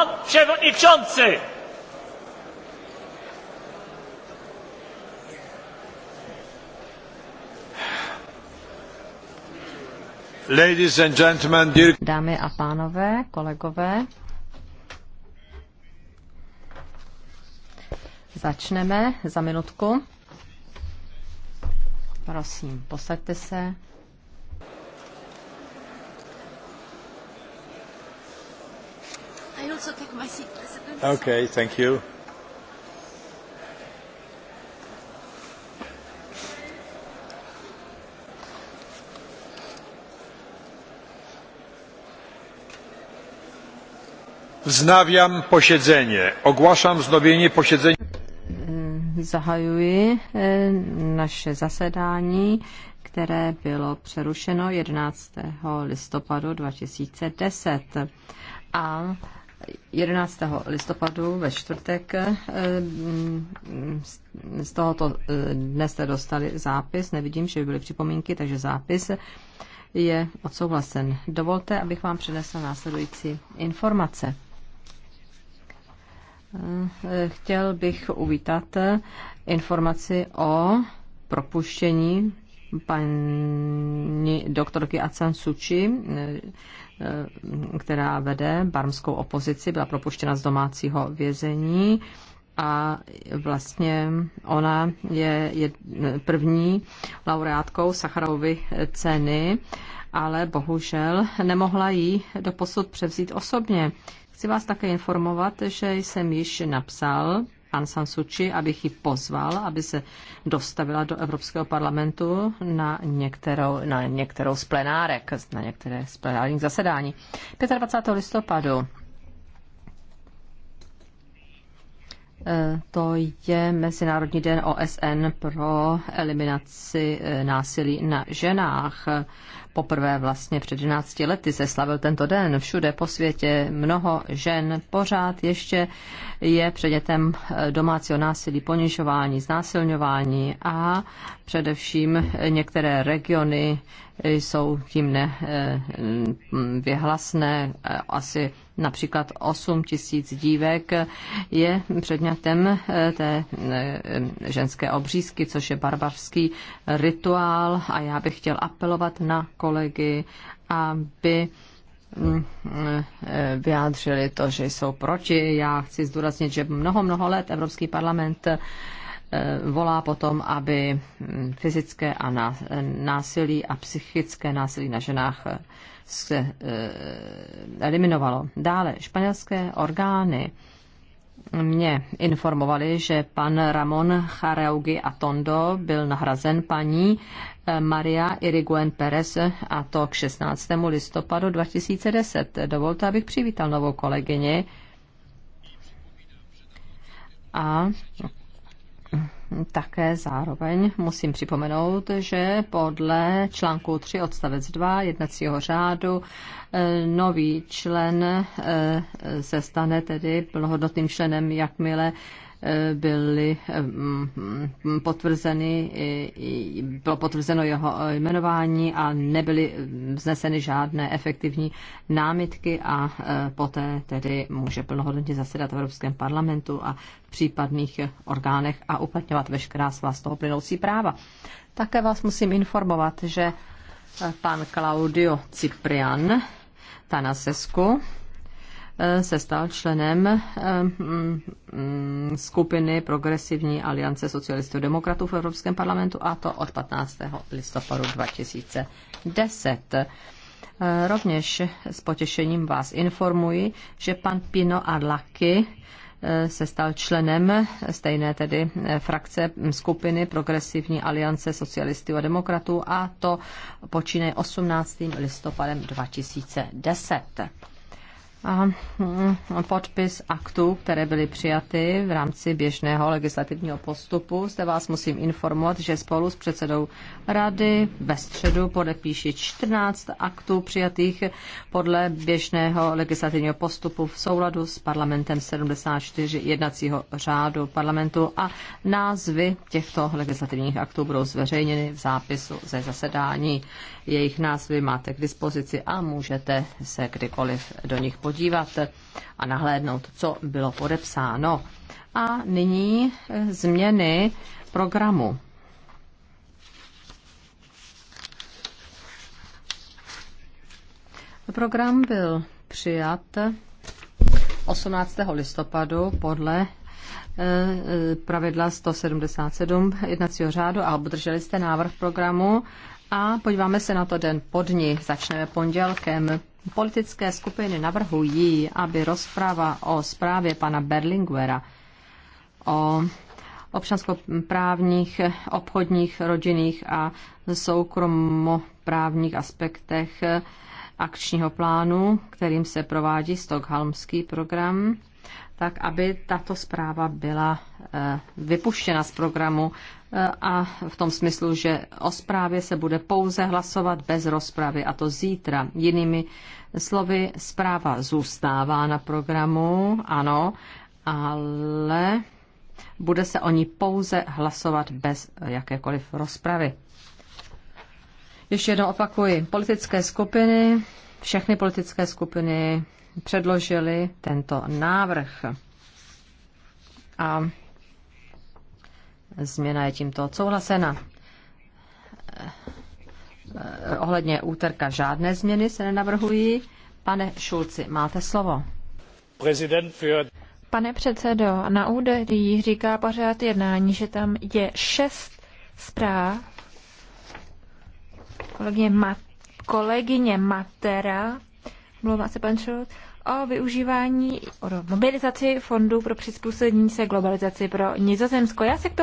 Pan przewodniczący! Ladies and gentlemen, dear... Dámy a pánové, kolegové, začneme za minutku. Prosím, posaďte se. I also take my seat, President. Okay, thank you. Wznawiam posiedzenie. Ogłaszam wznowienie posiedzenia. Mm, zahajuji e, naše zasedání, které bylo přerušeno 11. listopadu 2010. A 11. listopadu ve čtvrtek eh, mm, z tohoto eh, dne jste dostali zápis, nevidím, že by byly připomínky, takže zápis je odsouhlasen. Dovolte, abych vám přinesla následující informace. Eh, chtěl bych uvítat informaci o propuštění paní doktorky Acan Suči, eh, eh, která vede barmskou opozici, byla propuštěna z domácího vězení a vlastně ona je, první laureátkou Sacharovy ceny, ale bohužel nemohla ji posud převzít osobně. Chci vás také informovat, že jsem již napsal Aung San Suu Kyi, abych ji pozval, aby se dostavila do Evropského parlamentu na některou, na některou z plenárek, na některé z plenárních zasedání. 25. listopadu E, to je Mezinárodní den OSN pro eliminaci e, násilí na ženách. Poprvé vlastně před 11 lety se slavil tento den všude po světě. Mnoho žen pořád ještě je předmětem e, domácího násilí, ponižování, znásilňování a především některé regiony jsou tím nevyhlasné. Eh, eh, asi například 8 tisíc dívek je předmětem eh, té ženské obřízky, což je barbarský rituál a já bych chtěl apelovat na kolegy, aby mm, vyjádřili to, že jsou proti. Já chci zdůraznit, že mnoho, mnoho let Evropský parlament Eh, volá potom, aby hm, fyzické a násilí a psychické násilí na ženách eh, se eh, eliminovalo. Dále španělské orgány mě informovali, že pan Ramon Chareugi Atondo byl nahrazen paní Maria Iriguen Perez a to k 16. listopadu 2010. Dovolte, abych přivítal novou kolegyni a také zároveň musím připomenout, že podle článku 3 odstavec 2 jednacího řádu eh, nový člen eh, se stane tedy plnohodnotným členem, jakmile byly mm, mm, potvrzeny, bylo potvrzeno jeho jmenování a nebyly vzneseny žádné efektivní námitky a e, poté tedy může plnohodnotně zasedat v Evropském parlamentu a v případných orgánech a uplatňovat veškerá svá z toho plynoucí práva. Také vás musím informovat, že pan Claudio Ciprian Tanasescu Eh, se stal členem eh, mm, mm, skupiny Progresivní aliance socialistů a demokratů v Evropském parlamentu a to od 15. listopadu 2010. Eh, rovněž s potěšením vás informuji, že pan Pino Arlaki se stal členem stejné tedy frakce mm, skupiny Progresivní aliance socialistů a demokratů a to počínaje 18. listopadem 2010 a mm, podpis aktů, které byly přijaty v rámci běžného legislativního postupu. Zde vás musím informovat, že spolu s předsedou rady ve středu podepíši 14 aktů přijatých podle běžného legislativního postupu v souladu s parlamentem 74 jednacího řádu parlamentu a názvy těchto legislativních aktů budou zveřejněny v zápisu ze zasedání. Jejich názvy máte k dispozici a můžete se kdykoliv do nich podívat podívat a nahlédnout, co bylo podepsáno. A nyní eh, změny programu. Program byl přijat 18. listopadu podle eh, pravidla 177 jednacího řádu a obdrželi jste návrh programu a podíváme se na to den po dni. Začneme pondělkem. Politické skupiny navrhují, aby rozprava o zprávě pana Berlinguera o občanskoprávních, obchodních, rodinných a soukromoprávních aspektech akčního plánu, kterým se provádí stokholmský program, tak aby tato zpráva byla eh, vypuštěna z programu eh, a v tom smyslu, že o zprávě se bude pouze hlasovat bez rozpravy, a to zítra. Jinými slovy, zpráva zůstává na programu, ano, ale bude se o ní pouze hlasovat bez jakékoliv rozpravy. Ještě jednou opakuji, politické skupiny, všechny politické skupiny předložily tento návrh. A změna je tímto odsouhlasena. Eh, ohledně úterka žádné změny se nenavrhují. Pane Šulci, máte slovo. Prezident für... Pane předsedo, na úderý říká pořád jednání, že tam je šest zpráv kolegyně, Ma- kolegyně Matera, mluvá se pan Šult, o využívání, o mobilizaci fondů pro přizpůsobení se globalizaci pro Nizozemsko. Já se k tomu